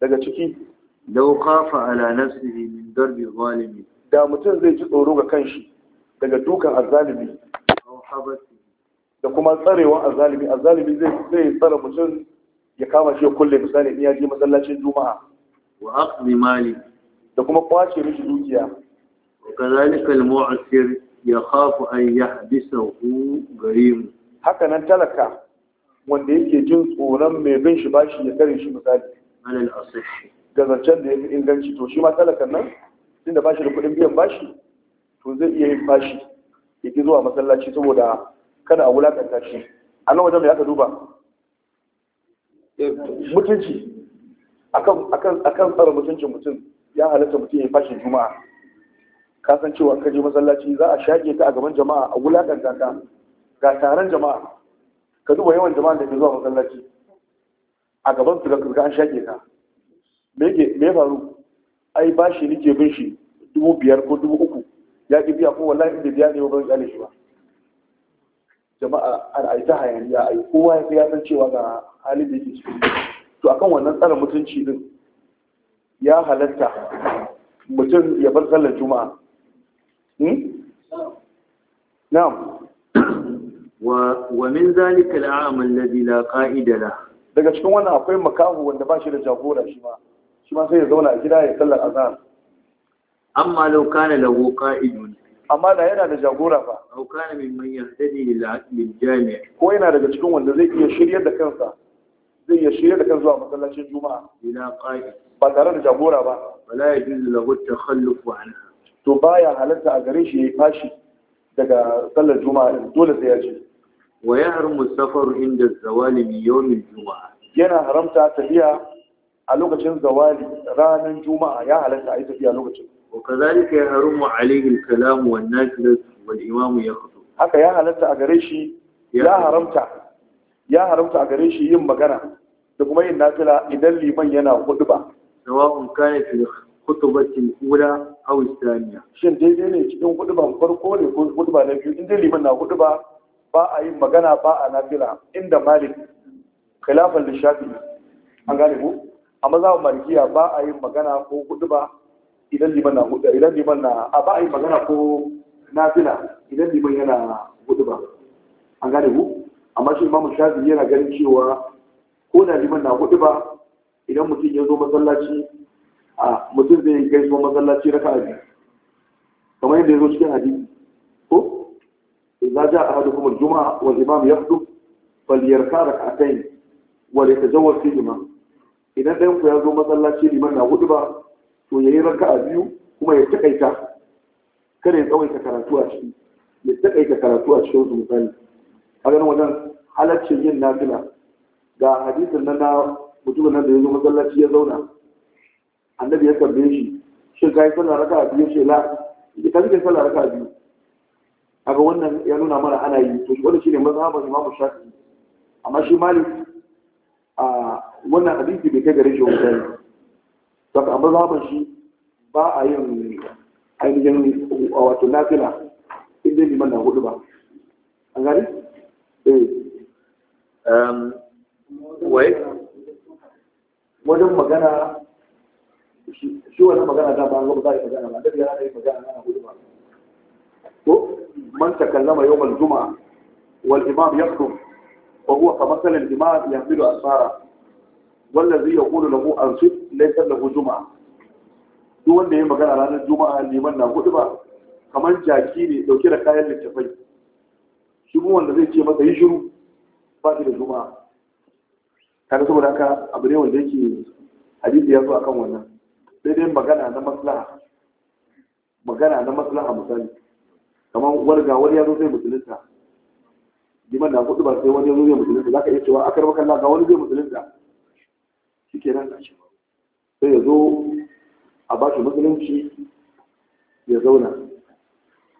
daga ciki lau kafa ala nafsihi min darbi zalimi da mutum zai ci tsoro ga kanshi daga duka azzalimi aw da kuma tsarewa a a zalimi zai zai tsara mutum ya kama shi kulle misali in ya je masallacin juma'a wa aqdi mali da kuma kwace mishi dukiya kazalika al-mu'sir yakhafu an yahbisahu gharim haka nan talaka wanda yake jin tsoron mai bin shi bashi ya kare shi misali alal asih ga zancen da ya fi inganci to shi ma talakan nan tunda bashi da kuɗin biyan bashi to zai iya yin bashi ya ki zuwa masallaci saboda kada a wulakanta shi a nan wajen mai aka duba mutunci akan tsara mutuncin mutum ya halatta mutum ya fashin juma'a ka san cewa masallaci za a shage ta a gaban jama'a a wulakanta ta ga taron jama'a ka duba yawan jama'a da ke zuwa masallaci a gaban su ga an shage ta. me ya faru ai bashi nike bin shi dubu biyar ko dubu uku ya ki biya ko wallahi inda biya ne ba ban ne shi ba jama'a a ta hayaniya a yi kowa ya ya san cewa ga halin da yake cikin to akan wannan tsara mutunci din ya halatta mutum ya bar sallar juma'a hmm? na'am wa min zalika al'am alladhi la qa'ida la daga cikin wannan akwai makahu wanda ba shi da jagora shi ma shi ma sai ya zauna a gida ya sallar azhar amma law kana lahu qa'idun amma da yana da jagora ba Aukana mai min man yahtadi lil aqli jami' ko yana daga cikin wanda zai iya shiryar da kansa zai iya shiryar da kansa zuwa masallacin juma'a ila qa'id ba tare da jagora ba wala yajuzu lahu at-takhalluf anha to baya halatta a gare shi yi fashi daga sallar juma'a din dole sai ya ce wa har musafar inda zawali min yawmin juma'a yana haramta tafiya a lokacin zawali ranar juma'a ya halatta a yi tafiya lokacin وكذلك يحرم عليه الكلام والنافلة والإمام يخطب haka ya halatta a gare shi ya haramta ya haramta a gare yin magana da kuma yin nafila idan liman yana hudu ba sawa'un kana fi khutbatil ula aw thaniya shin daidai ne cikin hudu farko ne ko hudu na biyu inda liman na hudu ba a yin magana ba a nafila inda malik khilafan lishafi an gane ku a mazhabin malikiya ba a yin magana ko hudu idan liman na hudu idan liman na a ba a yi magana ko na zina idan liman yana hudu ba an gane ku amma shi imamu shafi yana ganin cewa ko na liman na hudu ba idan mutum ya zo masallaci a mutum zai gaisuwa masallaci raka a biyu kamar yadda ya zo cikin hadisi ko za a hadu kuma juma wal imam yahdub a kai wa litajawwaz fihima idan ɗayan ku ya zo masallaci liman na hudu ba to ya yi raka a biyu kuma ya taƙaita kada ya tsawaita karatu a ciki ya taƙaita karatu a cikin su misali a ganin wajen halaccin yin nafila ga hadisin nan na mutumin nan da ya zo masallaci ya zauna annabi ya tambaye shi shin ka yi sallah raka a biyu ce la ka yi sallah raka a biyu ga wannan ya nuna mana ana yi to wanda shine mazhaban Imam Shafi'i amma shi Malik a wannan hadisi bai kai gare shi wani saka amma mu shi ba a yin ainihin a wato nafila inda liman na hudu ba an gani? Eh. Um, wai wajen magana shi wani magana da ba an gaba za a yi magana ba daga yana da yi magana na hudu ba ko man takallama yau mal wal imam yaktum wa huwa kamasalin imam yahmilu asfara wallazi hu an ansit laifin da hujuma duk wanda ya magana ranar juma'a liman na hudu ba kamar jaki ne dauke da kayan littafai shi wanda zai ce masa yi shiru ba shi da juma'a kada saboda haka abu ne wanda yake hadisi ya zo akan wannan sai dai magana na maslaha magana na maslaha misali kamar warga wani ya zo sai musulunta liman na hudu ba sai wani ya zo zai musulunta za ka iya cewa akar maka ga wani zai musulunta shi kenan sai ya zo a ba shi musulunci ya zauna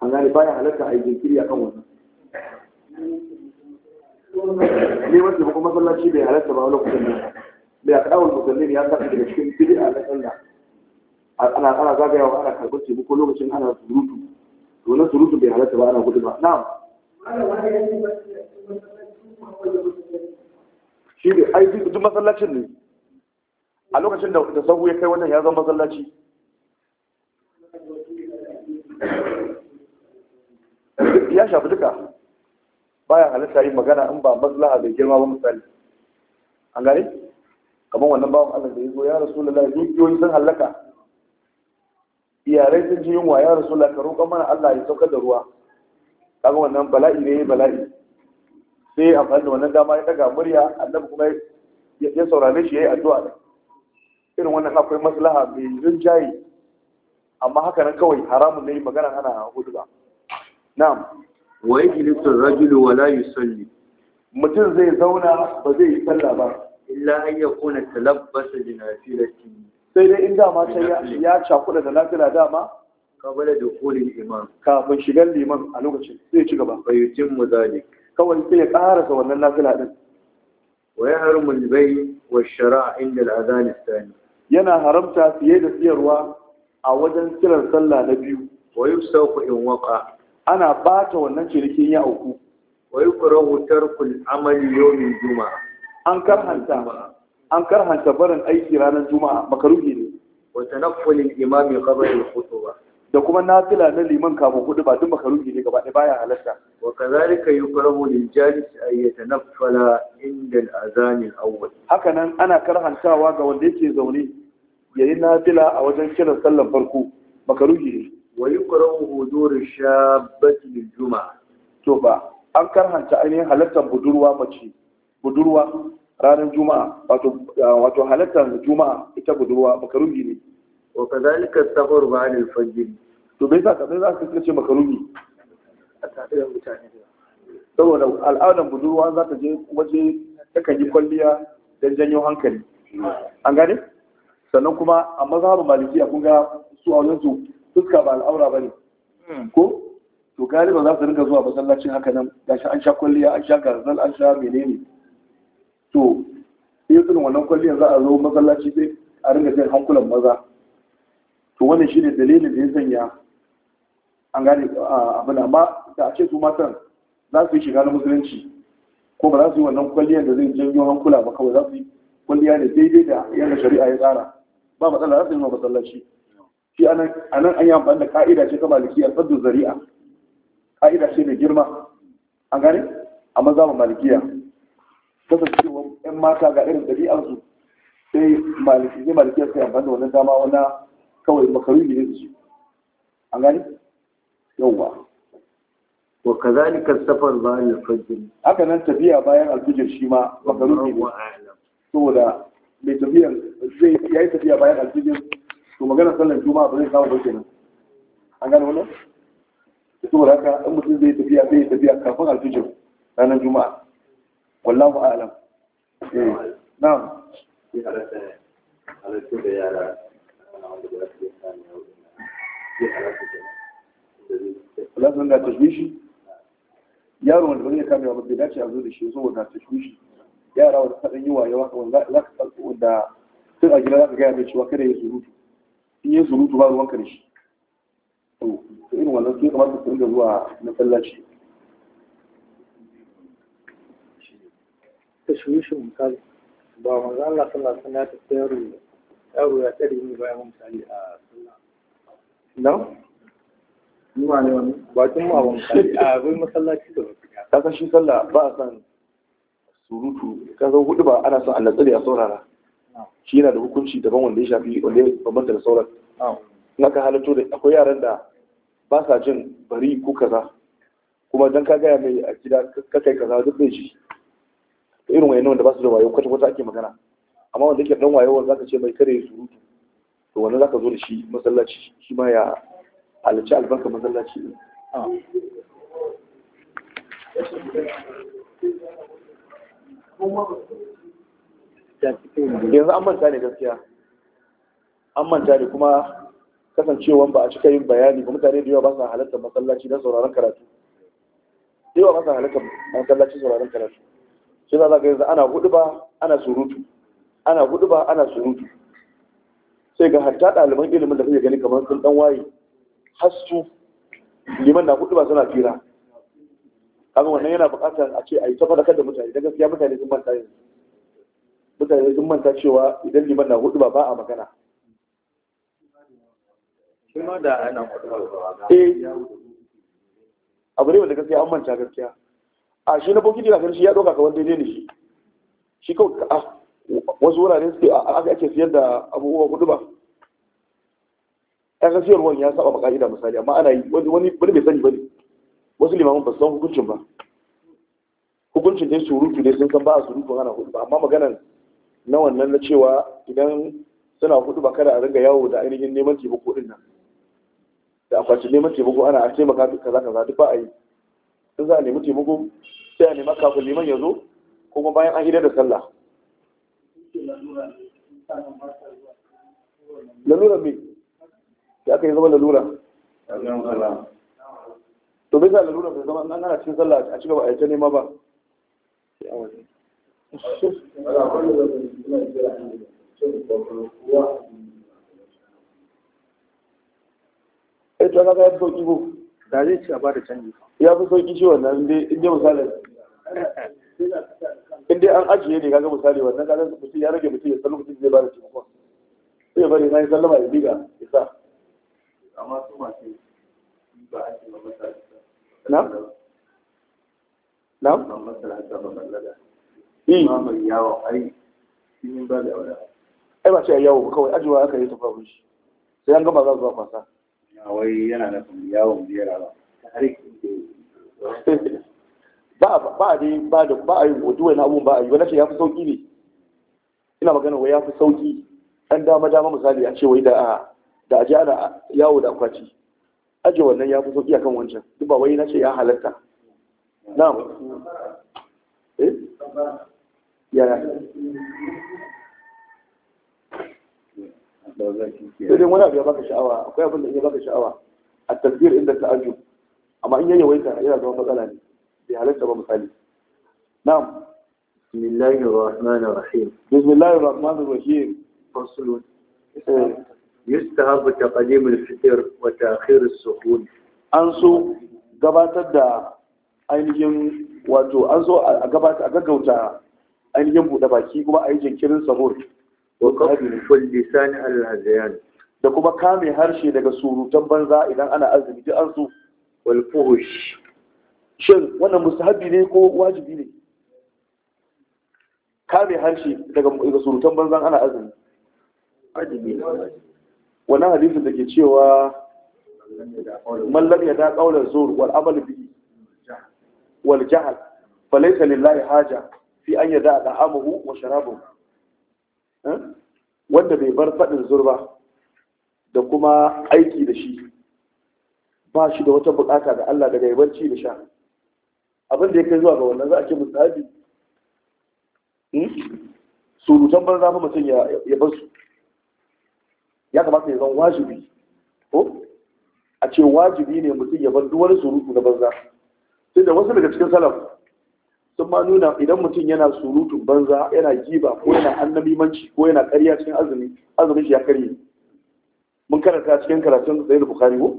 an gani bayan halatta a yi jinkiri a kan ne neman taimakon masallaci bai halatta ba wani kudin bai a kaɗawar musallin ya sa daga cikin fili a lakalla ana ana wa ana karɓar taimako lokacin ana surutu to surutu bai halatta ba ana gudu ba Na. shi ne aiki duk masallacin ne a lokacin da sahu ya kai wannan ya zama masallaci ya shafi duka baya halitta yin magana in ba maslaha bai girma ba misali an gane kamar wannan ba Allah da ya zo ya rasulullahi dukiyoyi sun halaka iyarai sun ji yunwa ya rasulullahi ka roƙa mana Allah ya saukar da ruwa kaga wannan bala'i ne bala'i sai amfani da wannan dama ya daga murya annabi kuma ya saurare shi yi addu'a irin wannan akwai maslaha mai rinjaye amma haka nan kawai haramun ne magana ana hudu ba na'am wa yi ar-rajulu wa layu salli mutum zai zauna ba zai yi talla ba illa an kuna talabbasa da nafilati sai dai in dama sai ya cakuda da lafiya dama kabala da kolin imam kafin shigar liman a lokacin zai ci gaba bayyutin zali kawai sai ya ƙarasa wannan lafiya din wa yahrumu al-bay' wa shara' inda al'adani sani yana haramta fiye da siyarwa a wajen kiran sallah na biyu wa yusauku in waqa ana bata wannan cinikin ya auku wa yukrahu tarkul amali yawmin juma'a an karhanta an karhanta barin aiki ranar juma'a makaruhi ne wa tanaffulil imami qabla al-khutbah da kuma nafila na liman kafin kudu ba duk makaruhi ne gaba ɗaya baya halatta wa kazalika yukrahu lil jalis ay yatanaffala inda al-azan al-awwal hakanan ana karhantawa ga wanda yake zaune yi nafila a wajen kiran sallar farko makaruhi ne wa yuqra'u hudur shabbati lil juma'a to ba an karhanta ainihin halartar budurwa mace budurwa ranar juma'a wato wato halartar juma'a ita budurwa makaruhi ne wa kadhalika safar ba ne fajr to bai sa bai za ka kace makaruhi a tare da mutane saboda al'adar budurwa za ta je waje kan yi kwalliya don janyo hankali an gane sannan kuma a mazhabin malikiya kun ga su a wajen fuska ba al'aura ba ne hmm. ko to galiba za su rinka zuwa masallacin haka nan gashi an sha kwalliya an sha garzal an sha menene to sai irin wannan kwalliyar za a zo masallaci sai a rinka jin hankulan maza to wannan shine dalilin da ya sanya an gane abin amma da a ce su matan za su yi shiga na musulunci ko ba za su yi wannan kwalliyar da zai janyo hankula ba kawai za su yi kwalliya ne daidai da yadda shari'a ya tsara ba matsala za su yi matsala shi a nan an yi amfani da ka'ida ce ta a saddu zari'a ka'ida ce mai girma an gani a maza ma malikiya kasancewa yan mata ga irin ɗabi'arsu sai malikiya malikiya suka yi amfani da wannan dama wani kawai makaruni ne da su an gani yawwa wa kazalika safar bayan fajr haka nan tafiya bayan alfijir shi ma makaruni ne saboda mai tafiyar zai ya yi tafiya bayan alfijin, to magana sallar juma'a ba zai samu ba kenan an gane wannan da saboda haka in mutum zai tafiya zai tafiya kafin alfijin ranar juma'a wallahu a'lam eh, na'am halittu da yi da tashwishi? Yaro wanda ba zai ba bai dace a zo da shi zo tashwishi. yara wanda ta ɗan yi yawa wanda za ka ɗauki wanda tun a gida za ka gaya mai cewa kada ya surutu in ya surutu ba ruwan da shi to irin wannan sun kamata su ringa zuwa masallaci tashwishin misali ba manzo Allah sallallahu alaihi wasallam ya tafi yaro ya tsare ni bayan misali a sallah no ni ma ne wani bakin mu a misali a bai masallaci da ka san shi sallah ba a san surutu ka san hudu ba ana son Allah tsare a saurara shi yana da hukunci daban wanda ya shafi wanda ya bambanta da sauran na ka halatto da akwai yaran da ba sa jin bari ko kaza kuma dan ka gaya mai a gida ka kai kaza duk bai ji da irin wayannan wanda ba su da wayo kwata kwata ake magana amma wanda yake dan wayo za zaka ce mai kare surutu to wannan zaka zo da shi masallaci shi ma ya halarci albarka masallaci ne yanzu an manta ne gaskiya an manta ne kuma kasancewan ba a cika yin bayani ba mutane da yawa ba sa halartar masallaci don sauraron karatu yawa ba sa halartar masallaci sauraron karatu sai za ga yanzu ana hudu ba ana surutu ana hudu ba ana surutu sai ga hatta ɗaliban ilimin da kake gani kamar sun dan waye hasu liman na hudu ba suna fira kaga wannan yana buƙatar a ce a yi ta fadakar da mutane don gaskiya mutane sun manta yanzu mutane sun manta cewa idan liman na hudu ba ba a magana shima da ana eh abu ne wanda gaskiya an manta gaskiya a shi na bokiti na kan shi ya ɗauka kamar daidai ne shi shi kawai a wasu wurare suke aka ake siyar da abubuwa hudu ba ya san siyarwar ya saba maka'ida misali amma ana yi wani bai sani ba ne wasu limamin ba su san hukuncin ba hukuncin dai surutu dai sun san ba a surutu ana hudu ba amma maganar na wannan na cewa idan suna hudu ba kada a ringa yawo da ainihin neman taimako din nan da akwatin neman taimako ana a taimaka duk kaza kaza duk ba a yi sun za a nemi taimako sai a nema kafin neman ya zo ko kuma bayan an idar da sallah lalura me ya aka yi zama lalura to bai a lura bai zama an ana cin sallah a ba a yi ta nema ba ai eh, to kaga ya fi sauki ko da zai ci a ba da canji ya fi sauki shi wannan inda inda misalin inda an ajiye ne kaga misali wannan kaga mutum ya rage mutum ya san lokacin zai ba da taimakon sai bari na yi sallama ya diga isa amma su masu ba a ce ba masa na'am na'am hmm. ai ba ce yawo kawai ajiwa aka yi tafafi shi sai an gama za su ba kwasa wai yana da yawon biyara ba ba a dai ba da ba a yi wato wani abun ba a yi wani ce ya fi sauki ne ina magana wai ya fi sauki an dama dama misali a ce wai da a da a ana yawo da akwati aje wannan ya fi sauki akan wancan duk ba wai na ce ya halatta na'am eh yaya sai da wani abu ya baka sha'awa akwai abin da ya baka sha'awa a tasbir inda ta aju amma in ya yawaita yana zama matsala ne bai halatta ba misali na'am bismillahir rahmanir rahim bismillahir rahmanir rahim fasulun eh. yustahabu taqdim al-fitr wa ta'khir as-suhur an so gabatar da ainihin wato an so a gabatar a gaggauta ainihin buɗe baki kuma a yi jinkirin sahur wa qabl kulli lisan al-hazyan da kuma kame harshe daga surutan banza idan ana azumi duk an so wal fuhush shin wannan mustahabi ne ko wajibi ne kame harshe daga surutan banzan ana azumi wajibi ne wannan hadisin da ke cewa mallam ya da kaular zuwa wal amal bi wal jahal falaysa lillahi haja fi an yada amuhu wa sharabu eh? wanda bai bar faɗin zurba da kuma aiki da shi ba shi da wata bukata da Allah daga yabanci da sha abin da ya kai zuwa ga wannan za a ce haji hmm? surutan banza fa mutum ya bar su ya kamata ya zama wajibi ko a ce wajibi ne mutum ya bar duwar surutu na banza sai da wasu daga cikin salaf sun ma nuna idan mutum yana surutun banza yana giba ko yana annabimanci ko yana karya cikin azumi azumin shi ya karye mun karanta cikin karatun da bukhari ko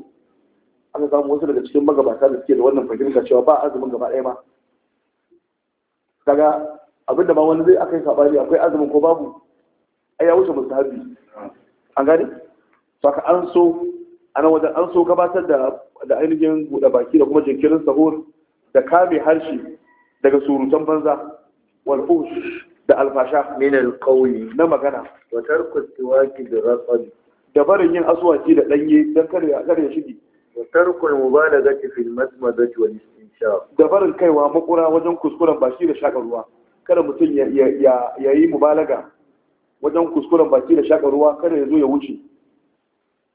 aka samu wasu daga cikin magabata da suke da wannan fahimta cewa ba azumin gaba ɗaya ma kaga abinda ma wani zai aka yi akwai azumin ko babu ai ya wuce mustahabi an gane saka an so ana wajen an so gabatar da ainihin buɗe baki da kuma jinkirin sahur da kame harshe daga surutan banza walfus da alfasha min al na magana wa tarku waki da rasad da barin yin aswaki da danye dan kare ya kar ya shige wa tarku al mubalaghati fil madmadati wal istinshaq da barin kaiwa makura wajen kuskuren baki da shakar ruwa kada mutum ya ya ya yi mubalaga wajen kuskuren baki da shaka ruwa kada ya zo ya wuce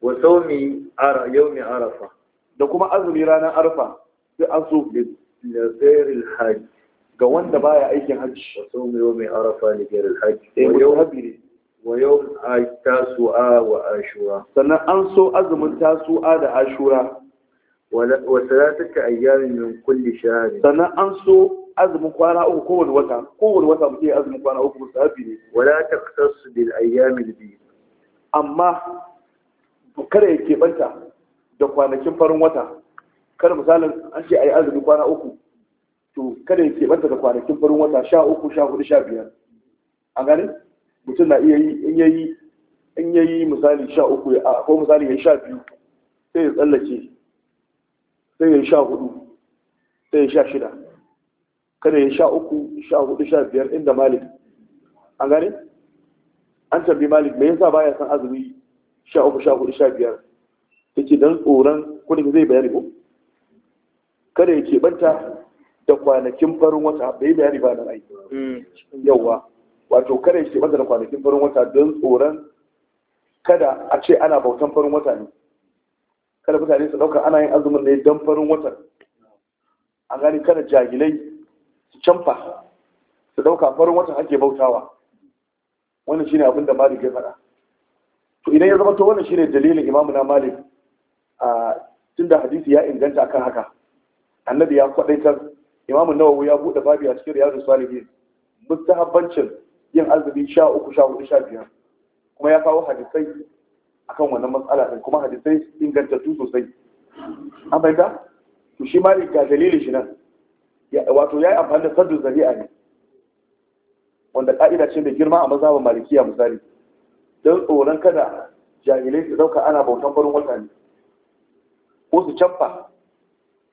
wa saumi ara yaumi arafa da kuma azumi ranar arafa sai an so da tsayar hajj ga wanda baya aikin hajj wa saumi yaumi arafa ne ga hajj eh, wa yau habiri wa yau tasu'a wa ashura sannan an so azumin tasu'a da ashura wa salataka ayyamin min kulli shahr sannan an so azumin kwana uku kowane wata kowane wata muke azumin kwana uku musahabi ne wala taqtasu bil ayyamil biyu amma kada ya banta da kwanakin farin wata kada misalin an ce a yi azumin kwana uku to kada ya banta da kwanakin farin wata sha uku sha hudu sha biyar a gani mutum na iya yi in ya yi in yayi misali sha uku a ko misali ya sha biyu sai ya tsallake sai ya yi sha hudu sai ya yi sha shida kada ya sha uku sha hudu sha biyar inda malik an gane an tambi malik me yasa baya san azumi sha uku sha hudu sha biyar yake don tsoron kudin zai bayani ko kada ya keɓanta da kwanakin farin wata bai bayani ba nan ai hmm. yauwa wato kada ya keɓanta da kwanakin farin wata don tsoron kada a ce ana bautan farin wata ne kada mutane su ɗauka ana yin azumin ne don farin wata. an gani kada jahilai su canfa su ɗauka farin watan ake bautawa wannan shine abin da malik ya faɗa to idan ya zama to wannan shine dalilin imamu na malik a tunda hadisi ya inganta akan haka annabi ya kwadaitar imamu nawawi ya buɗe babu a cikin riyadu salihin mustahabbancin yin azumi sha uku sha hudu sha biyar kuma ya kawo hadisai akan wannan matsala din kuma hadisai ingantattu sosai an fahimta to shi malik ga dalilin shi nan wato ya yi amfani da saddu zari'a ne wanda ƙa'ida ce mai girma a mazhabin malikiya misali don tsoron kada jahilai su ɗauka ana bautan farin wata ne ko su camfa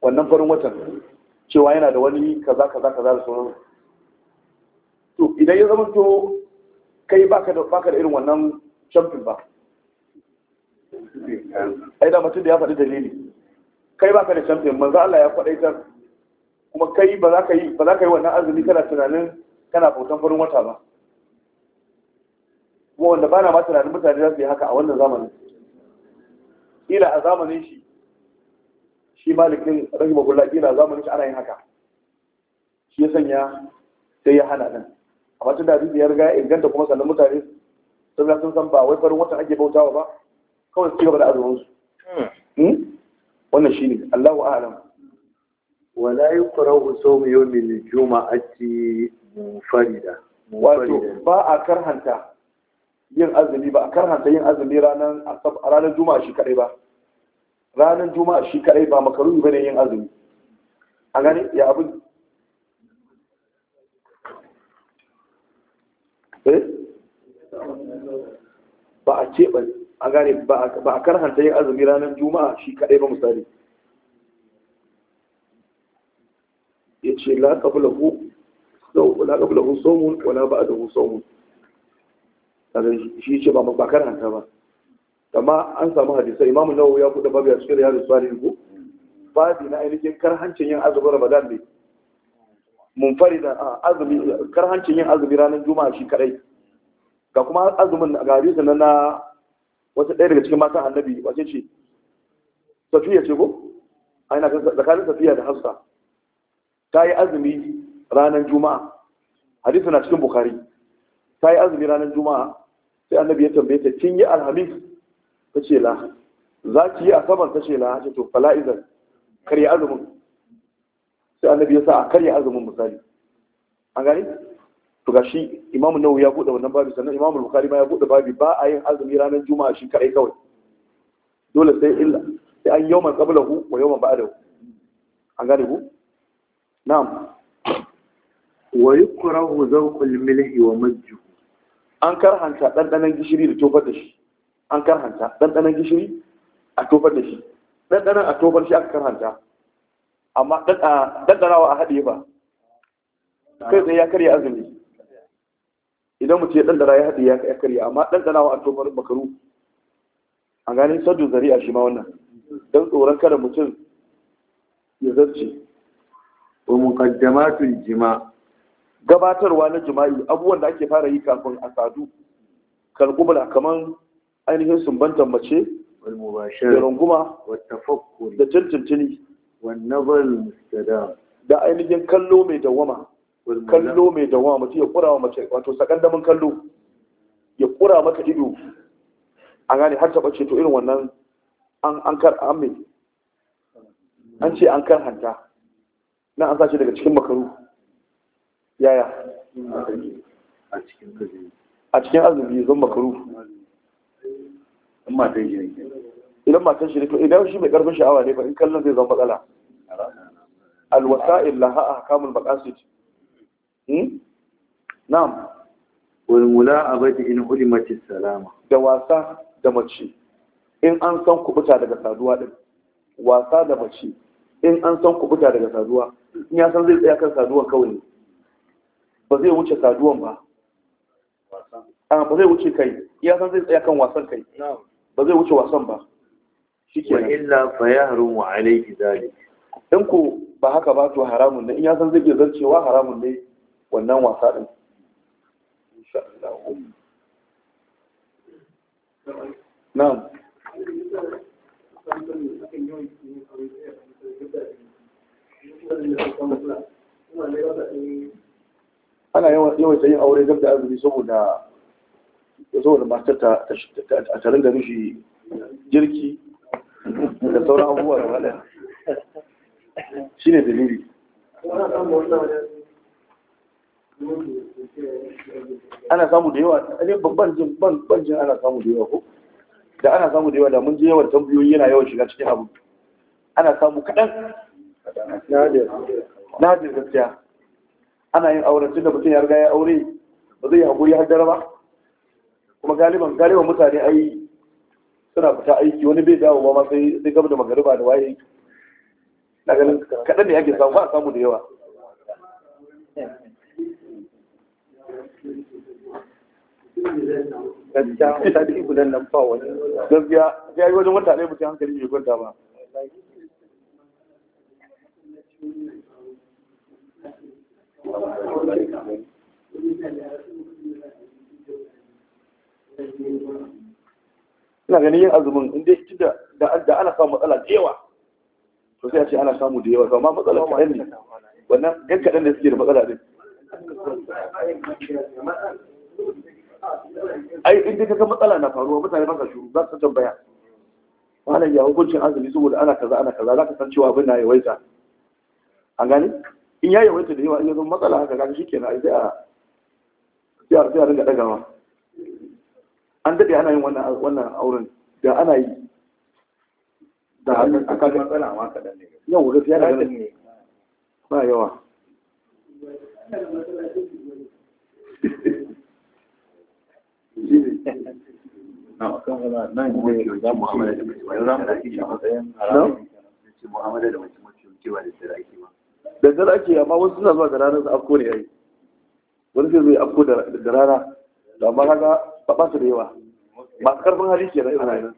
wannan farin watan cewa yana da wani kaza kaza kaza da sauran to idan ya zama to kai baka da baka da irin wannan camfin ba ai da mutum da ya faɗi dalili kai baka da camfin manzo Allah ya faɗaitar kuma kai ba za ka yi wannan azumi kana tunanin kana bautan farin wata ba kuma wanda bana ma tunanin mutane za su yi haka a wannan zamanin ila a zamanin shi shi malikin rahimahullah ila a zamanin shi ana yin haka shi ya sanya sai ya hana nan a matan da hadisi ya inganta kuma sannan mutane sun sun san ba wai farin watan ake bautawa ba kawai su ci gaba da azumin su hmm. Hmm? wannan shi ne, Allahu a'lam wala yukrahu sawm yawmil juma'ati munfarida wato ba a karhanta yin azumi ba a karhanta yin azumi ranar juma'a shi kadai ba ranar juma'a shi kadai ba makaruhi bane yin azumi a gani ya abu eh? ba a ce ba a gani ba a karhanta yin azumi ranar juma'a shi kadai ba misali ce la qablahu la qablahu sawmun wa a da sawmun kaga shi ce ba ba karanta ba amma an samu hadisa imamu nawawi ya kuɗa babu ya cikin tsari salihin ba babi na ainihin karhancin yin azumin ramadan ne Mun fari da azumi karhancin yin azumi ranar juma'a shi kadai ga kuma azumin ga hadisi na na wata ɗaya daga cikin matan annabi wace ce safiya ce ko a ina tsakanin safiya da hafsa ta yi azumi ranar juma'a Hadisu na cikin bukari ta yi azumi ranar juma'a sai annabi ya tambaye ta kin yi alhamis ta ce la za ki yi asabar ta ce la ta to fala'izar karya azumin sai annabi ya sa a karya azumin misali an gani to ga shi imamu nawawi ya buɗe wannan babi sannan imamu bukari ma ya buɗe babi ba a yin azumi ranar juma'a shi kaɗai kawai dole sai illa sai an yawman qablahu wa yawman ba'dahu an gane ku na'am wa yi yukrahu zawqul milhi wa majjuhu an karhanta ɗanɗanon gishiri da tofar da shi an karhanta ɗanɗanon gishiri a tofar da shi ɗanɗanon a tofar shi aka karhanta amma ɗanɗanawa a haɗe ba kai tsaye ya karya azumi idan mutum ya ɗanɗana ya haɗe ya karya amma ɗanɗanawa a tofar makaru a ganin saddu zari'a shi ma wannan don tsoron kada mutum ya zarce muqaddamatul jima gabatarwa na jima'i abubuwan da ake fara yi kafin a sadu kalqubla kaman ainihin sumbantar mace wal mubashir da runguma wa tafakkur da tantantini wan nazal mustadam da ainihin kallo mai dawama kallo mai dawama mutum ya kurawa mace wato sakandamin kallo ya kura maka ido a gane har taɓa ce to irin wannan an kar amin an ce an hanta na an sashi daga cikin makaru yaya a cikin azumi zan makaru idan matan shi ne to idan shi mai karfin sha'awa ne ba in kallon zai zama matsala alwasa'il laha ahkamul maqasid hmm na'am wal ina in ulimat salama da wasa da mace in an san kubuta daga saduwa din wasa da mace in an san kubuta daga saduwa in ya san zai tsaya kan saduwan kawai ne ba zai wuce saduwan ba a ah, ba zai wuce kai ya san zai tsaya kan wasan kai ba zai wuce wasan ba ke wa illa fa wa alaihi zalik in ku ba haka ba to haramun ne in ya san zai iya zarcewa haramun ne wannan wasa din insha Allah na'am ana yawan yin aure gab da azumi saboda saboda matar ta a tarin da rufi jirki da sauran abubuwa da wadda shi ne dalili ana samu da yawa ne babban jin babban jin ana samu da yawa ko da ana samu da yawa da mun ji yawan tambayoyi yana yawan shiga cikin abu ana samu kaɗan Na nadir gaskiya ana yin auren tun da mutum ya riga ya aure ba zai haƙuri haddara ba kuma galiban galiban mutane ai suna fita aiki wani bai dawo ba sai sai gaba da magariba da waye na ganin kaɗan ne ke samu ba a samu da yawa gaskiya mutane gudan nan ba wani gaskiya ya yi wajen wata ɗaya mutum hankali mai kwanta ba ina ganin yin azumin inda ya da ana samu matsala da yawa to sai a ce ana samu da yawa amma matsala kaɗan ne wannan yan kaɗan da suke da matsala din ai inda ka ga matsala na faruwa mutane ba sa shuru za su tambaya wannan ya hukuncin azumi saboda ana kaza ana kaza za ka san cewa abin na yawaita a gane in ya yawaita da yawa in ya matsala haka gani shikenan a sai a sai a ringa dagawa an daɗe ana yin wannan auren da ana yi da hannun a kan matsala ma kadan ne yau gaskiya da ganin ba yawa nan za mu hamada da za mu da ce da tsira ake ba da ake amma wasu suna zuwa da ranar su afko ne yayi wani sai zai afko da rana da amma kaga ba ba su da yawa masu karfin hali ke nan ana yin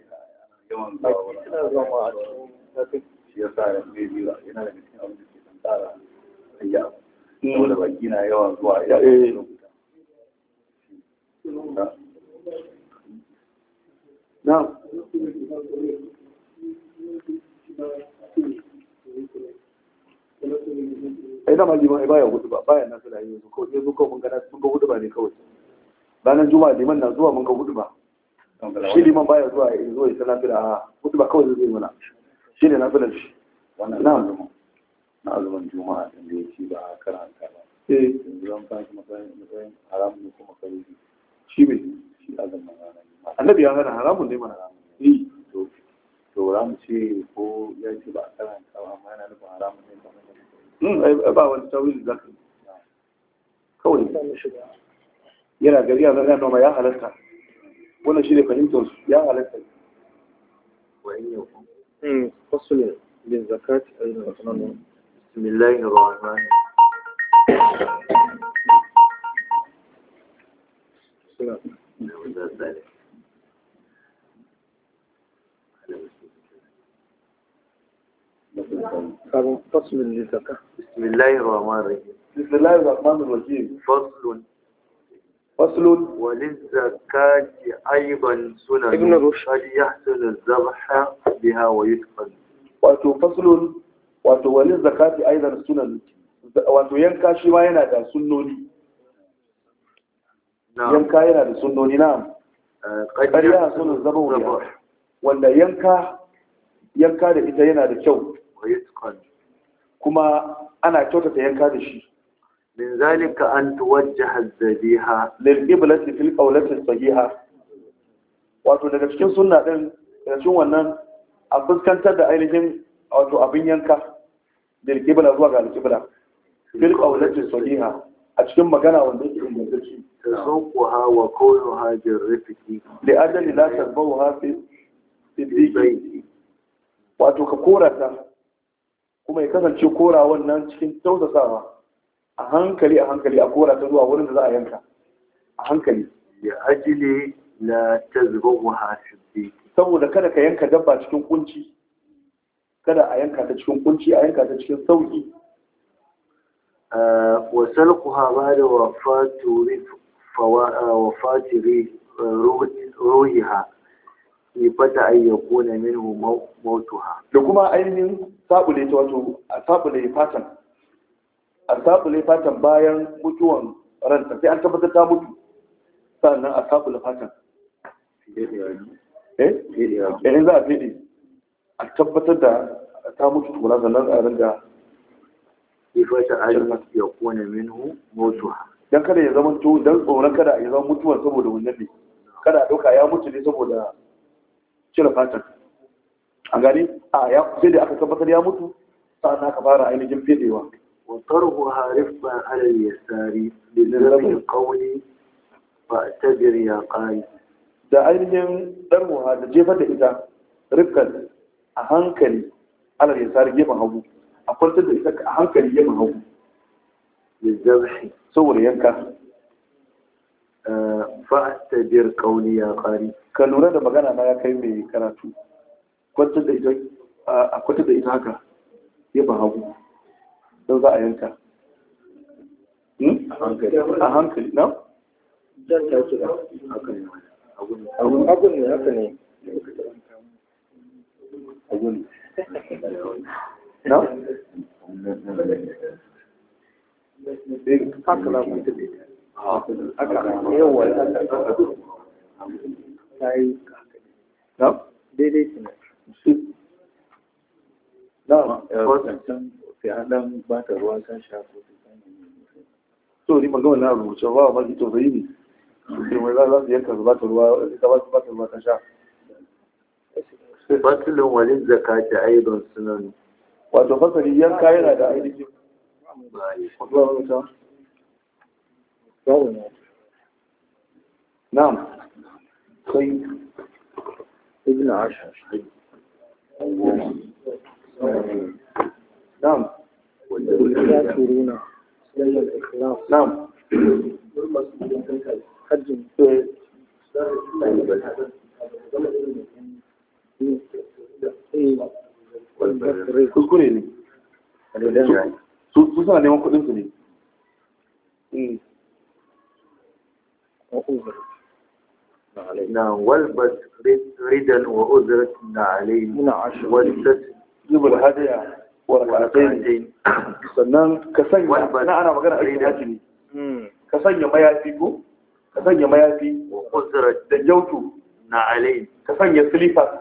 saboda baki na yawan zuwa na ai dama liman ai baya hudu ba baya nasu da yanzu kawai yanzu kawai mun ga mun ga hudu ba ne kawai ranar juma'a liman na zuwa mun ga hudu ba shi liman baya zuwa ya zo ya sana fila a hudu ba kawai zai mana shi ne na filar shi wannan na azuma na azuman juma'a din da yake ba a karanta ba eh zan fashi matsayin haramun ne kuma kare shi ne shi azumin ranar annabi ya hana haramun ne mana haramun eh. to to ramu ce ko ya ce ba a karanta ba amma yana nufin haramun ne kamar ba wani tawili za ka yi kawai yana gari a nan noma ya halatta wannan shi ne fahimtar su ya halatta فصل للزكاة بسم الله الرحمن الرحيم فصل للزكاة بسم الله الرحمن الرحيم بسم الله الرحمن الرحيم فصل فصل وللزكاة أيضا سنن هل يحسن الذبح بها ويدخل واتو فصل واتو وللزكاة أيضا سنن واتو ينكا شي ما yana da sunnoni na'am yanka yana da sunnoni na'am qad yahsunu ينكا yanka ينادى da kuma ana kyautata yanka da shi min zalika an tuwajja az-zabiha lil qiblati fil qawlati sahiha wato daga cikin sunna din daga cikin wannan a fuskantar da ainihin wato abin yanka lil qibla zuwa ga al-qibla fil qawlati sahiha a cikin magana wanda yake ingantacce tasawquha wa qawluha jarrifiki li ajali la tarbahu fi fi bayti wato ka korata kuma ya kasance kora wannan cikin tausasawa a hankali a hankali a kora ta zuwa wurin da za a yanka a hankali ya ajile la tazbahu hasbi saboda kada ka yanka dabba cikin kunci kada a yanka ta cikin kunci a yanka ta cikin sauki wa salquha ba'da wafati ruhiha sifata ay yakuna minhu mautuha da kuma ainihin sabule ta wato a sabule fatan a sabule fatan bayan mutuwan ranta sai an tabbatar ta mutu sannan a sabule fatan eh eh za a fidi a tabbatar da ta mutu tukuna sannan a ringa sifata ya yakuna minhu mautuha dan kada ya zama to dan tsoron kada ya zama mutuwan saboda wannan ne kada a ya mutu ne saboda cire fatan a gani a ya sai da aka tabbatar ya mutu sa'an aka fara ainihin fedewa wa tarhu harifan alal yasari da zarafin kauli ba ta ya ƙari da ainihin ɗarmuha da jefar da ita rifkan a hankali alal tsari gefen hagu a kwantar da ita a hankali gefen hagu da zarfi saboda yanka fa'astajir kauli ya ƙari ka lura da magana na ya kai mai karatu kwantar da ita haka ya ba hagu don za a yanka hmm? a hankali na? jan ta kira agun ne haka ne agun na? na? na Na na? na? na? haka yawa haka yi daidai su dama ruwa magana na ma ruwa ruwa fasilin wani zakati aidon sunan wato fasali yanka yana da ainihin ba ya yawon na'am sai ibn ashir na'am ya turuna na'am hajjin kuskure ne su suna neman kudinsu ne وأذر عليه نعم والبس ردا وأذر عليه من عشر والبس جيب وركعتين sannan ka sanya na ana magana aikin haji ne ka sanya mayafi ko ka sanya mayafi da jautu na alai ka sanya slippers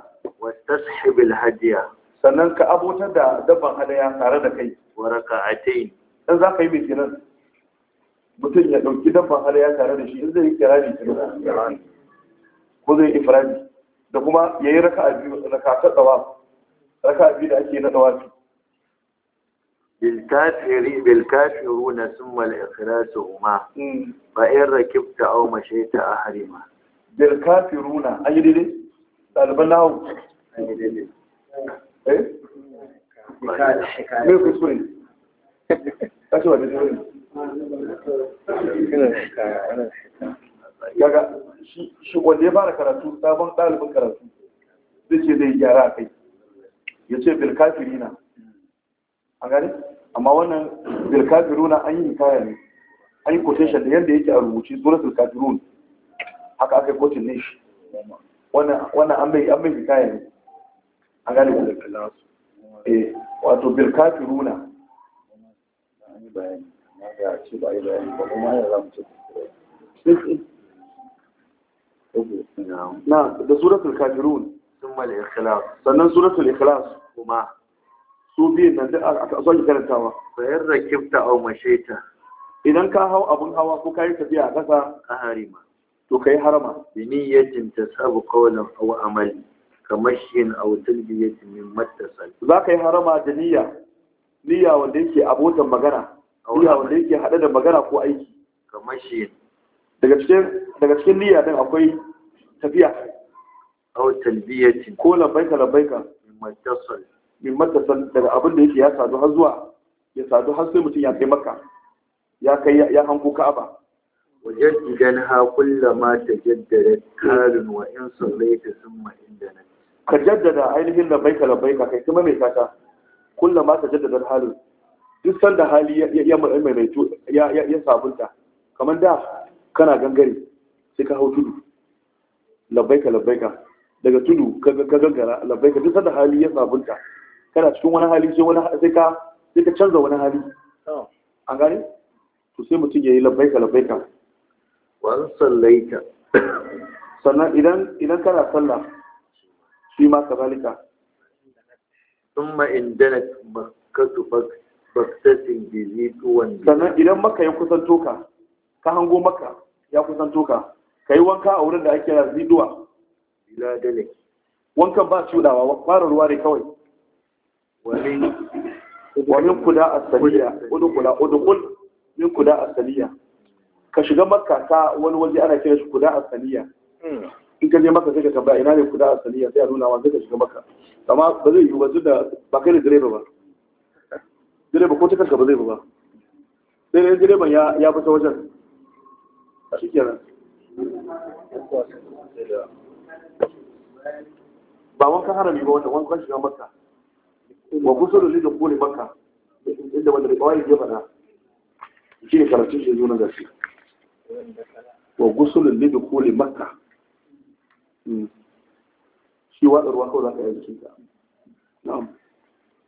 wa tashib al hadiya sannan ka abota da dabban hadaya tare da kai wa raka'atayn dan zaka yi mai mutum ya ɗauki dabban ya tare da shi in zai yi kirari ne ko zai ifradi da kuma ya yi raka abi da ake na tsawa su بالكافرون ثم هما فإن ركبت أو مشيت أحرما بالكافرون أي دي eh wa da kaga shi wanda ya fara karatu sabon ɗalibin karatu zai ce zai gyara a kai ya ce bilkafiri na a gani amma wannan bilkafiru na an yi hikaya ne an yi quotation da yadda yake a rubuce sunan bilkafiru haka aka yi quotation ne wannan an bai an bai ne a gani ko eh, wato bilkafiru na na ba kuma da suratul kafirun sun mal ikhlas sannan suratul ikhlas kuma su biyu nan da a so ki karantawa rakibta mashaita idan ka hau abun hawa ko kayi tafiya a kasa a harima to kai harama bi niyyatin tasabu qawlan aw amali kamar shin aw talbiyatin min mattasal za ka yi harama da niyya niyya wanda yake abotan magana niyya wanda yake haɗe da magana ko aiki kamar shi daga cikin niyya din akwai tafiya aw talbiyatin ko labbaika labbaika matasal min matasal daga abin da yake ya sadu har zuwa ya sadu har sai mutum ya kai makka ya kai ya hanko ka'aba wajaddidan ha kullama tajaddada karin wa in sallaita summa indana ka jaddada ainihin labbaika labbaika kai kuma mai kata kullama tajaddada halin duk sanda hali ya maimaitu ya sabunta kamar da kana gangare sai ka hau tudu labbaika labbaika daga tudu ka gangara labbaika duk sanda hali ya sabunta kana cikin wani hali sai ka sai ka canza wani hali oh. A gani? to sai mutum ya yi labbaika labbaika Wani sallaita sannan idan idan kana sallah shi ma kazalika thumma indanat makkatu fakti processing disease wan sannan idan maka ya kusanto ka ka hango maka ya kusanto ka ka yi wanka a wurin da ake kira ziduwa bila dale wankan ba cudawa fara ruwa ne kawai wani kuda asaliya wani kuda udukul min kuda ka shiga maka ta wani waje ana kira shi kuda asaliya hmm. in ka je maka sai ka tambaya ina ne kuda asaliya sai a nuna wa sai ka shiga maka? amma ba zai yi ba da ba kai da direba ba direba ko ta kanka ba zai ba sai ne direban ya fita wajen a shi kenan ba wankan harami ba wanda wankan shiga maka wa kusur da da kone maka inda wanda da kawai ya fada shi ne karatun shi zuwa gaske wa gusulun da kone maka shi waɗarwa kawai za ka yi jikinka na'am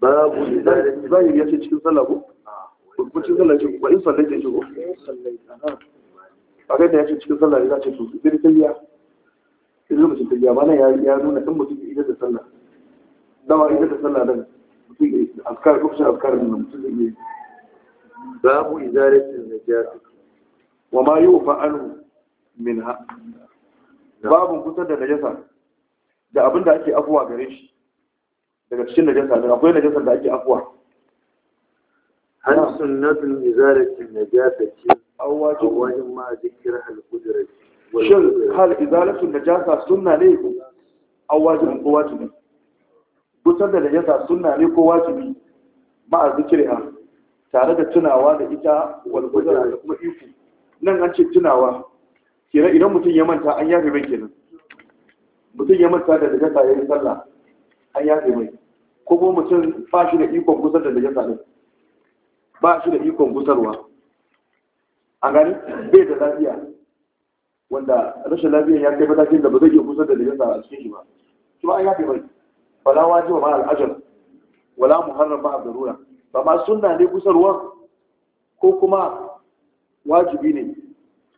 Ba babu zai ya ce cikin sallah ko ko cikin sallah ce ko in sallah ce ko a kai da ya cikin sallah ya ce to "Idan ta iya in lokacin ta iya ba ya ya nuna kan mutum ya da sallah dawa ita da sallah dan mutum ya azkar ko cikin azkar nan mutum zai yi babu izalatin najasa wa ma yufa anhu minha babun kusa da najasa da abinda ake afuwa gare shi daga cikin najasa ne akwai najasar da ake afuwa hal sunnatun izalatin najasati aw wajen ma zikra al qudrati shin hal izalatun najasa sunna ne ko aw wajibun ko wajibi gutar da najasa sunna ne ko wajibi ma a ha tare da tunawa da ita wal da kuma iko nan an ce tunawa kira idan mutum ya manta an yafe mai kenan mutum ya manta da najasa yi sallah an yafe mai ko kuma mutum ba shi da ikon gusar da jasa ɗin ba shi da ikon gusarwa a gani bai da lafiya wanda rashin lafiya ya kai matakin da ba zai iya gusar da jasa a cikin shi ba shi ba an yafe mai wala wajiba ma al'ajar wala muharram ba darura ba ma sunna ne gusarwa ko kuma wajibi ne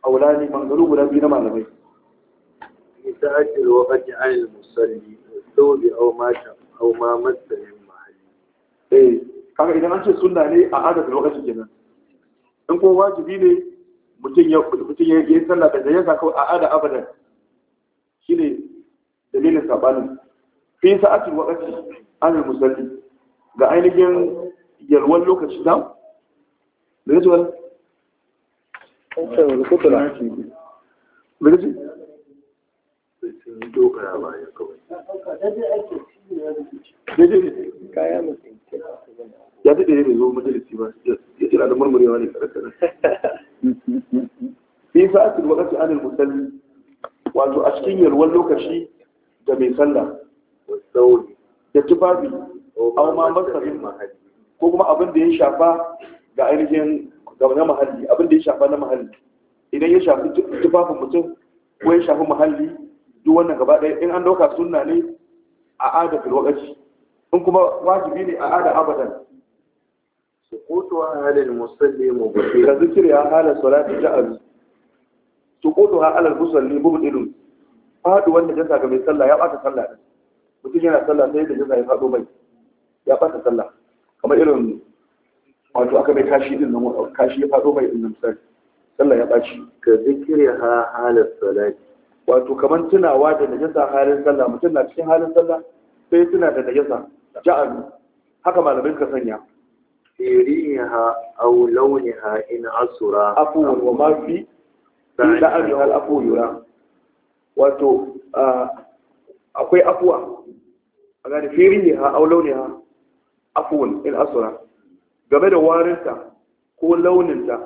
a wula ne mangaru guda biyu na malamai إساءة وقت عن المصلي الثوب أو ما أو ما مس من إيه kaga idan an ce sunna ne a adadin lokacin kenan in ko wajibi ne mutum ya mutum ya yi sallah da jayyaka kawai a ada abadan shine dalilin sabanin fi sa'atul waqti anil musalli ga ainihin yalwan lokaci da da da shi? mun dogara baya kawai kaya mutum ya daɗe ne bai zo majalisi ba ya jira da murmurewa ne karkara fi sa'atul waqti anil musalli wato a cikin yalwar lokaci da mai sallah da tufafi aw ma masarin mahalli ko kuma abin da ya shafa ga ainihin na mahalli abin da ya shafa na mahalli idan ya shafi tufafin mutum ko ya shafi mahalli duk wannan gaba ɗaya in an ɗauka sunna ne a ada filwagaci in kuma wajibi ne a ada abadan Su kotuwa halin musalli mubtil ka zikiri a halin salati Su kotuwa halin musalli mubtilun fadu wanda jasa ga mai sallah ya ɓata sallah ɗin. mutum yana sallah sai da jasa ya faɗo mai ya ɓata sallah kamar irin wato aka mai kashi ɗin nan kashi ya faɗo mai din nan sallah ya ɓaci. ka zikiri ha halin salati wato kamar tunawa da najasa halin sallah mutum na cikin halin sallah sai tuna da najasa ja'alu haka malamin ka sanya siriha aw launiha in asura afu wa ma fi abi hal afu yura wato akwai afuwa a gani siriha aw launiha afu in asura game da warinta ko launinta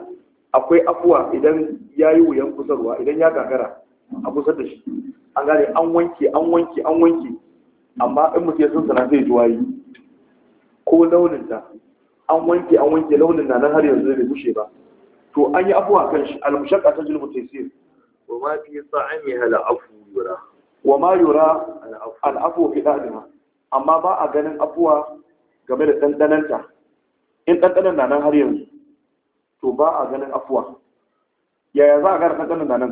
akwai afuwa idan ya yi wuyan kusarwa idan ya gagara a kusa da shi an gane an wanke an wanke an wanke amma in mutum ya sun sana zai ji wayi ko launin ta an wanke an wanke launin na nan har yanzu bai bushe ba to an yi afuwa kan shi al-mushaqqa tajlibu taysir wa ma fi sa'amiha hala afu yura wa ma yura al-afu fi dalima amma ba a ganin afuwa game da dandananta in dandanan na nan har yanzu to ba a ganin afuwa yaya za a gane dandanan na nan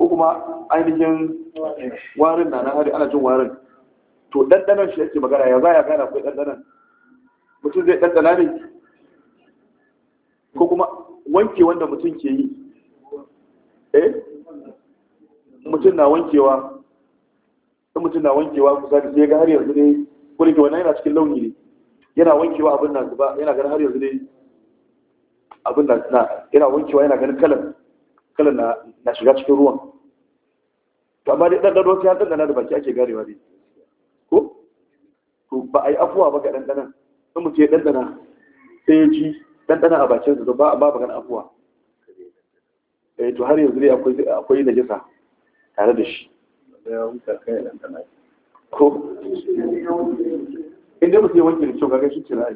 ko kuma ainihin warin na nan hari ana jin warin to ɗanɗanon shi yake magana ya za ya gana akwai ɗanɗanon mutum zai ɗanɗana ne ko kuma wanke wanda mutum ke yi eh mutum na wankewa in mutum na wankewa kusa da sai ga har yanzu ne kuri da ke wannan yana cikin launi ne yana wankewa abin na zuba yana ganin har yanzu ne abin na yana wankewa yana ganin kalan kala na shiga cikin ruwan to amma dai ɗanɗano sai ya ɗanɗana da baki ake garewa dai ko to ba a yi afuwa ba ga dan in mutum ya ɗanɗana sai ya ji ɗanɗana a bakin sa ba ba magana afuwa eh to har yanzu dai akwai akwai najisa tare da shi ko inda mutum ya wanke da kyau kaga shi ce na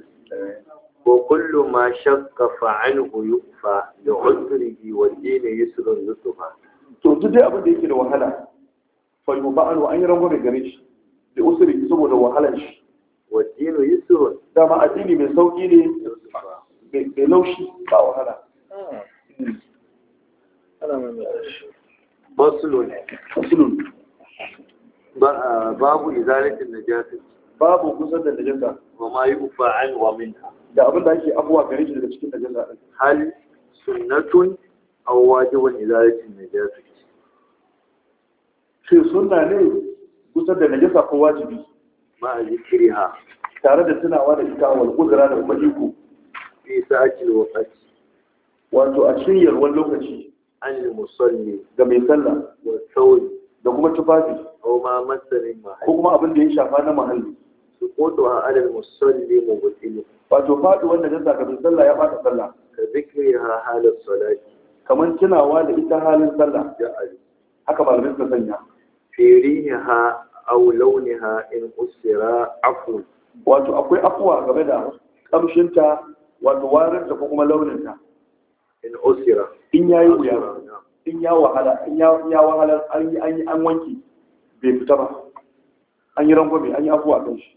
وكل ما شك فعنه يكفى لعذره والدين يسر النصفى to duk dai abin da yake da wahala fa yubanu an yi rangwame gare shi da usuri saboda wahalar shi waddinu yusrun dama addini mai sauki ne mai laushi ba wahala basulun basulun babu izalatin babu da najasa wa ma wa da abin da ake abuwa gare shi daga cikin najasa din hal sunnatun aw wajibun izalatin najasa shi sunna ne kusa da najasa ko wajibi ma zikriha tare da tunawa da ita wal kudra da kuma iko fi sa'atil waqti wato a cikin yarwan lokaci an musalli ga mai sallah wa sauri da kuma tufafi ko ma masarin ma. ko kuma abin da ya shafa na mahalli suqutu ala al-musalli mubtilu wato fadi wanda da zakatun sallah ya fata sallah ka zikriha halat salati Kamar tunawa da ita halin sallah ya ali haka ba malamai suka sanya firiha aw launiha in usira afu. wato akwai afwa game da kamshinta wato warin da kuma launin ta in usira in yayi wuya in ya wahala in ya ya wahala an yi an wanki bai fita ba an yi rangwame an yi abuwa kan shi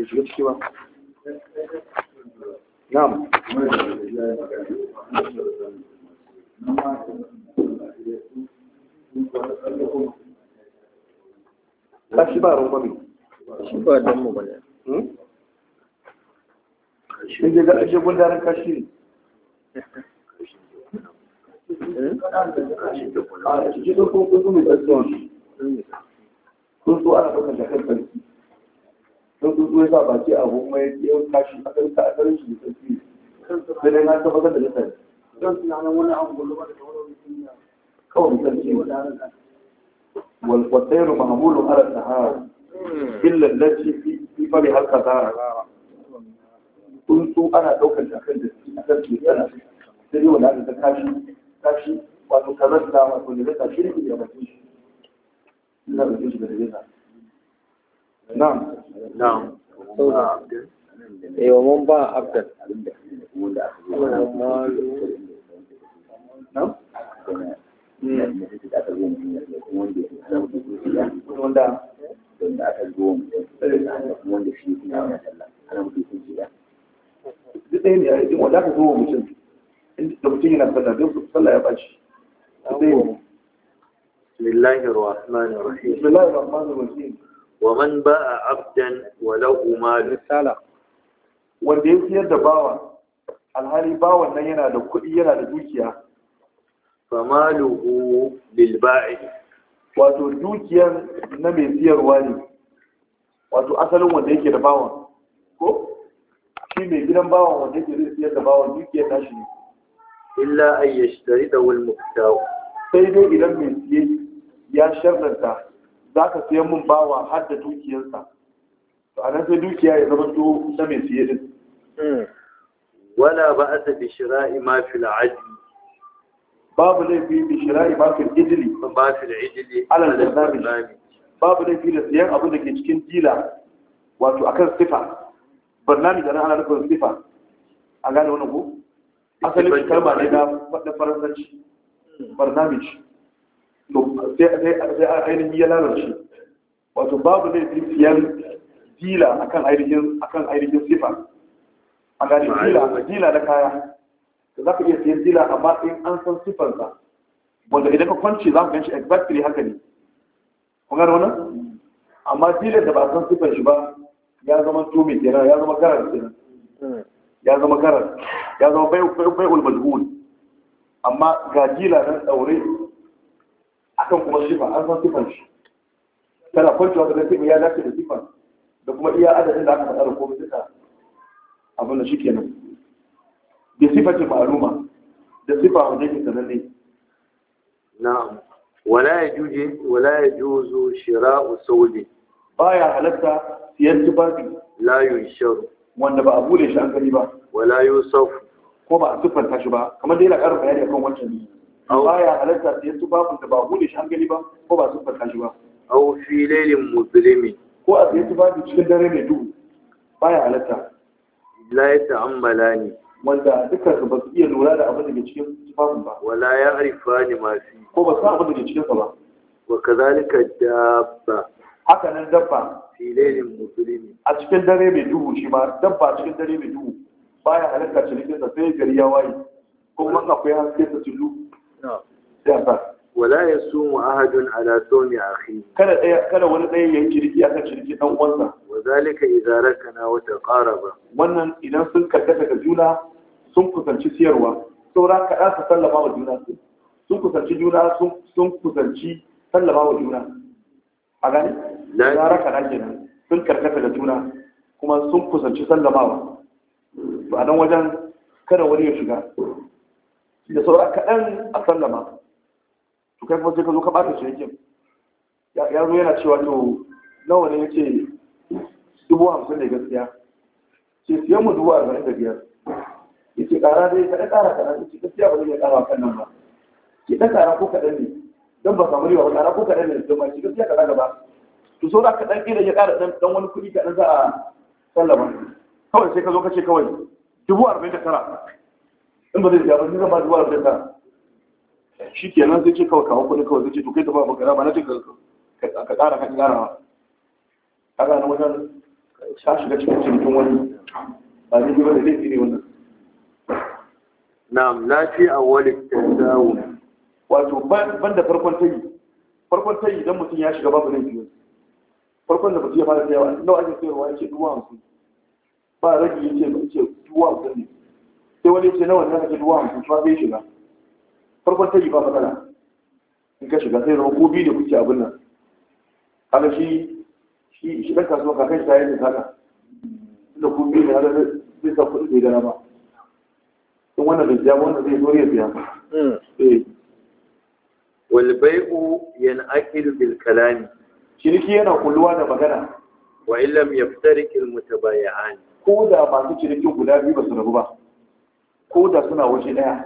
ya ciki ba na'am ba shi ba rungwami ba don mu hmm? shi ga ƙarshe gundarin kashi ne hmm? a cikin kuma kuma mai tsarki wani kuma ana da don tsuntsu ya sa baki a goma ya yi kashi a kan ka a karin shi da tsarki sai dai na tabbatar da nasari don tunanin wani abu gulma da wani duniya kawai sarki والطير مهمول على النهار إلا التي في فرها القذارة كنت أنا دوكا أخذت أخذت أنا سيدي ولا أنا wato تكاشي وأنو كذلك وأنو لذلك شركي يا بكيش لا da بلذلك نعم نعم ايوه مو بقى عبد نعم بسم الله الرحمن الرحيم بسم الله الرحمن الرحيم wa man عبدا وله مال lahu malu wanda ya siyar da bawa alhali bawan nan yana da kuɗi yana da dukiya famaluhu lil ba'i wato dukiyar na mai siyarwa ne wato asalin wanda yake da bawan ko shi mai gidan bawan wanda yake zai siyar da bawan dukiyar nashi ne illa ayyashtari yashtari da wal muqtaw sai dai idan mai siye ya sharranta za ka siyan mun bawa har da dukiyarsa to anan sai dukiya ya zama to na mai siye din hmm. wala ba a ta bishira'i ma fi la'adi babu laifi bishira'i ma fil ijli ma fil ijli babu laifi da siyan abin da ke cikin dila wato akan sifa barnami da ana nufin sifa A gane wani ko asalin kalma ne na faɗin faransanci hmm. barnami sai ainihin ya lalace wato babu laifin siyan dila akan ainihin akan ainihin sifa a gani dila dila na kaya da za ka iya siyan dila amma in an san sifansa wanda idan ka kwanci za ka ganshi exactly haka ne kun gano wannan amma dila da ba san sifan shi ba ya zama tumi kenan ya zama garar kenan ya zama garar ya zama bai bai ulmajhul amma ga dila nan daure akan kuma sifa an san sifan shi kana kwanciwa da zai ya dace da sifan da kuma iya adadin da aka faɗa da komai duka abin da shi kenan da sifatin ma'aluma da sifa wanda yake sananne na'am wala yajuje wala yajuzu shira'u sawdi baya halatta siyan tufafi la yunsharu wanda ba a bude shi an gani ba wala yusuf ko ba a siffanta shi ba kamar dai yana ƙarin bayani akan wancan ne ba ya halatta sai tufafin da ba gune shi an ba ko ba sun farka shi ba aw fi lailin muslimi ko a sai tufafi cikin dare mai duhu ba ya halatta la ya ta'ammala ni wanda dukkan su ba su iya lura da abin da ke cikin tufafin ba wala ya arifa ni ma fi ko ba su abin da ke cikin sa ba wa kazalika dabba haka nan dabba fi lailin muslimi a cikin dare mai duhu shi ma dabba cikin dare mai duhu ba baya halatta cinikin sa sai gari ya waye Ko kuma akwai haske ta tulu wala ya sumu ahadun ala sawmi akhi kada daya kada wani daya yayin jirgi aka jirgi dan uwansa wa zalika idza rakana wa taqaraba wannan idan sun kaddata ga juna sun kusanci siyarwa saura kada su sallama juna sun kusanci juna sun kusanci sallama wa juna a gani idza rakana kenan sun karkata ga juna kuma sun kusanci a nan wajen kada wani ya shiga da sauran kaɗan a sallama to kai kuma sai ka zo ka ɓata shirkin ya zo yana cewa to nawa ne ya ce dubu hamsin ne gaskiya ce siyan mu dubu arba'in da biyar ya ce ƙara dai kaɗan ƙara kaɗan ya ce gaskiya ba zai iya ƙara kan nan ba ke ɗan ƙara ko kaɗan ne don ba samu riba ba ƙara ko kaɗan ne don ba ce gaskiya kaɗan gaba to saura kaɗan ƙila ya ƙara ɗan wani kuɗi kaɗan za a sallama kawai sai ka zo ka ce kawai dubu arba'in da tara in ba zai ja ba ni zan ba zuwa aljanna shi ke nan zai ce kawai kawo kuɗi kawai zai ce to kai ta ba magana ba na ce ka ƙara ka ƙara Ta gane wajen ta shiga cikin cikin wani ba zai ji ba da laifi ne wannan na'am ce a wali tazawu wato ban da farkon tayi farkon tayi idan mutum ya shiga babu laifi farkon da mutum ya fara tsayawa nawa ake sayarwa ya ce duwa hamsin ba rage ya ce duwa hamsin ne sai wani ce nawa ne aka cikin dubu hamsin zai shiga farkon yi ba matsala in ka shiga sai zama ko biyu ne kuke abin nan kaga shi shi shi dan kasuwa kakan shi ta yi haka inda ko biyu ne haka zai sa kuɗi zai gara ba in wannan zai siya wannan zai zo ya siya والبيع kalani. بالكلام ciniki yana kulluwa da magana wa illam yaftarik almutabayi'an ko da masu ciniki guda biyu ba su rabu ba ko da suna waje ɗaya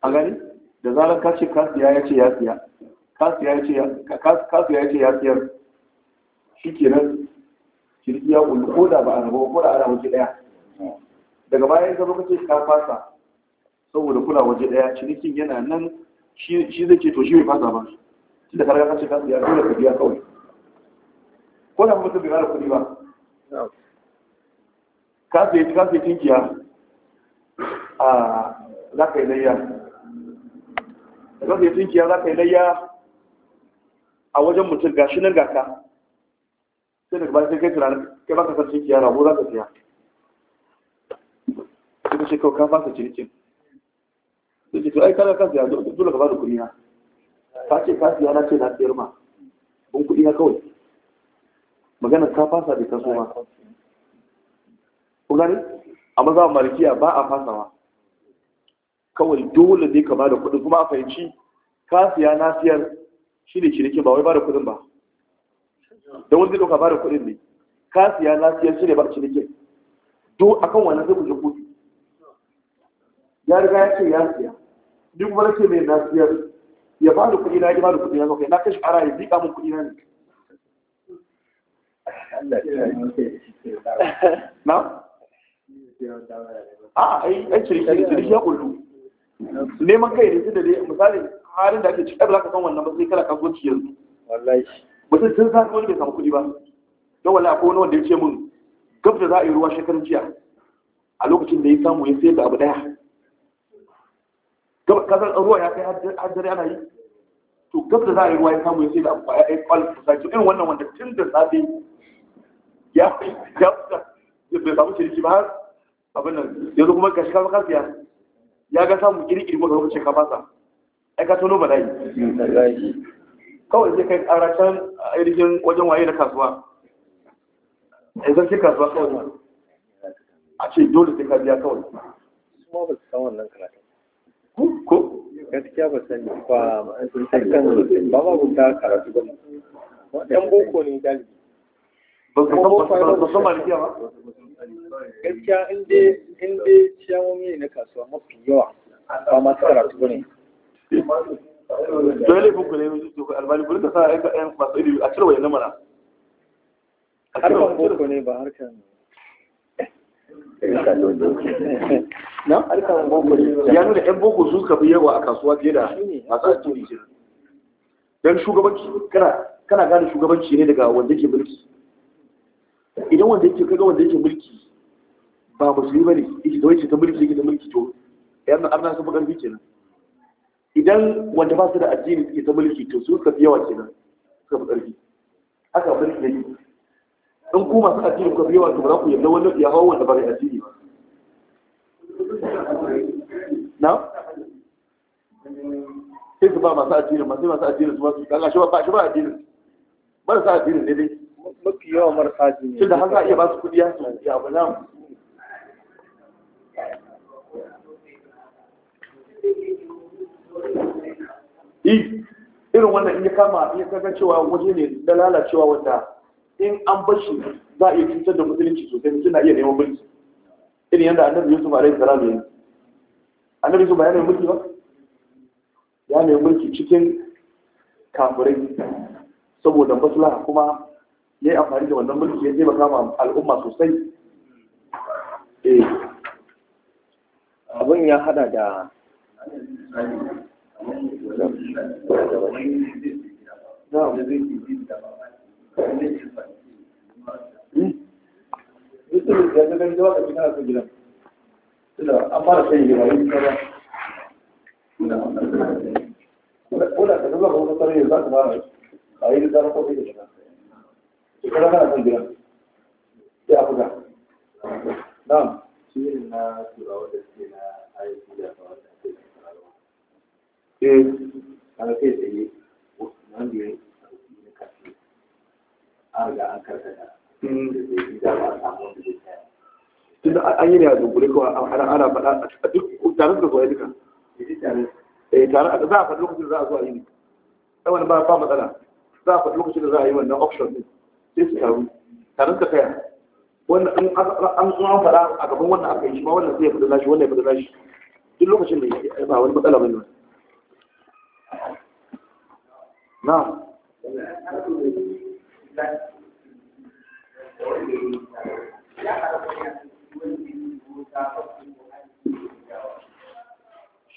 a gani da zarar ka ce ya ce ya siya kasiya ya ce ya siyar shi ke nan shirki ya ko da ba a rabo ko da ana waje ɗaya daga baya bayan ka lokaci ka fasa saboda kula waje ɗaya cinikin yana nan shi zai ce to shi bai fasa ba shi da karga kace kasiya dole ka biya kawai ko da mutum bai da kuɗi ba ya tinkiya a za ka yi layya da ka tunkiya za ka yi a wajen mutum gashi nan gaka sai daga bayan sai kai tunanin kai ba ka san tunkiya ko za ka siya sai ka ce kawai ka fasa cinikin sai ce to ai kada ka siya dole ka ba da kuɗi na ka ce ka siya na ce na siyar ma bin kuɗi na kawai magana ka fasa bai taso ma ku gani a maza malikiya ba a fasawa kawai dole ne ka bada kuɗin kuma a fahimci ka siya na siyar shi ne ciniki ba wai bada kuɗin ba da wani zai ba bada kuɗin ne ka siya na siyar shi ne ba cinikin a kan wannan zai kuje kuɗi ya riga ya ce ya siya ni kuma na ce mai na siyar ya bada kuɗi na ya bada kuɗi na kai na shi ara ya zika min kuɗi na ne na? a ai ciniki ya kullu neman kai da su da misali halin da ake ciki ba za ka san wannan ba sai kala kasuwanci yanzu wallahi mutum sun san wani bai samu kuɗi ba don wallahi ko wani wanda ya ce min gab da za a yi ruwa shekaran jiya a lokacin da ya samu ya sayar da abu ɗaya. gab kasar ruwa ya kai har ana yi to gab da za a yi ruwa ya samu ya sayar da abu daya ya kwalin sosai irin wannan wanda tun da safe ya ya bai samu ciniki ba har abin nan yanzu kuma gashi kama kasiya ya ga samu kirkiri maka lokacin ka fasa ai ka tono bala'i kawai sai kai ƙara can ainihin wajen waye da kasuwa ai eh, zan kika kasuwa kawai a ce dole sai ka biya kawai kuma ba su san wannan karatu. ko gaskiya ba sani ba sun san kan ba ba ta karatu ba yan boko ne galibi gaskiya in dai ciyawomi ne na kasuwa mafi yawa ba masu karatu ba ne to laifin ku ne mai ku albani ku rika sa aika ɗayan masu iri a cire wayan namana harkan boko ne ba harkan na harkan boko ne ya nuna yan boko su ka fi yawa a kasuwa fiye da masu ajiyar dan shugabanci kana gane shugabanci ne daga wanda ke mulki idan wanda yake kaga wanda yake mulki ba musulmi bane yake da wace ta mulki yake da mulki to yan arna sun karfi kenan idan wanda ba su da addini suke ta mulki to su ka fi yawa kenan suka fi karfi haka mulki yake in ku masu addini kuka fi yawa to ba za ku yarda wani ya hawo wanda ba da addini ba na sai su ba masu addini masu masu addini su ba su kaga shi ba shi ba addini ba su addini ne dai mafi yawan marasa ne. tunda haka za a iya ba su kuɗi ya su ya ba na irin wannan in ya kama in ya kaga cewa waje ne da lalacewa wanda in an bashi za a iya cutar da musulunci sosai mutum na iya neman mulki irin yadda annabi yusuf alaihi salam ya yi annabi yusuf ba ya nemi mulki ba ya nemi mulki cikin kafirai saboda maslaha kuma ya yi amfani da wannan mulki ya taimaka ma al'umma sosai eh. abin ya hada da an fara shan yi ka zama tsarin za fara a yi da zara da shekara kana son gidan sai a shi ne na da suke na ayyuki da eh. na an an hmm. da an yi ne a dunkule a ana ana faɗa a duk tare suka zuwa duka eh tare za a faɗi lokacin da za a zuwa yi ne saboda ba matsala za a faɗi lokacin da za a yi wannan option din sai su taru taron ka kaya wannan an an fara a gaban wannan aka yi shi ma wannan sai ya fada nashi wannan ya fada nashi duk lokacin da ya ba wani matsala bane na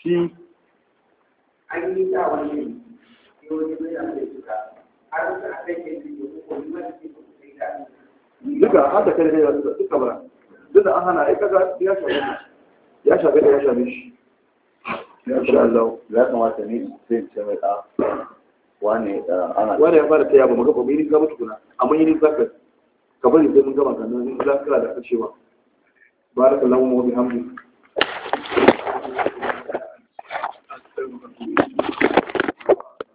shi an yi sa wani ne wani ne ya fada duka har da kai da duka bara duk da an hana ya kaga ya shafe shi ya shafe da ya shafe shi Allah ya kamata ne sai ce mai da ah, wane ah, ana wane ya fara tayaba maka ba ni ka kuna amma yin zakar ka bari sai mun gama sannan in za ka da kace ba barakallahu wa bihamdihi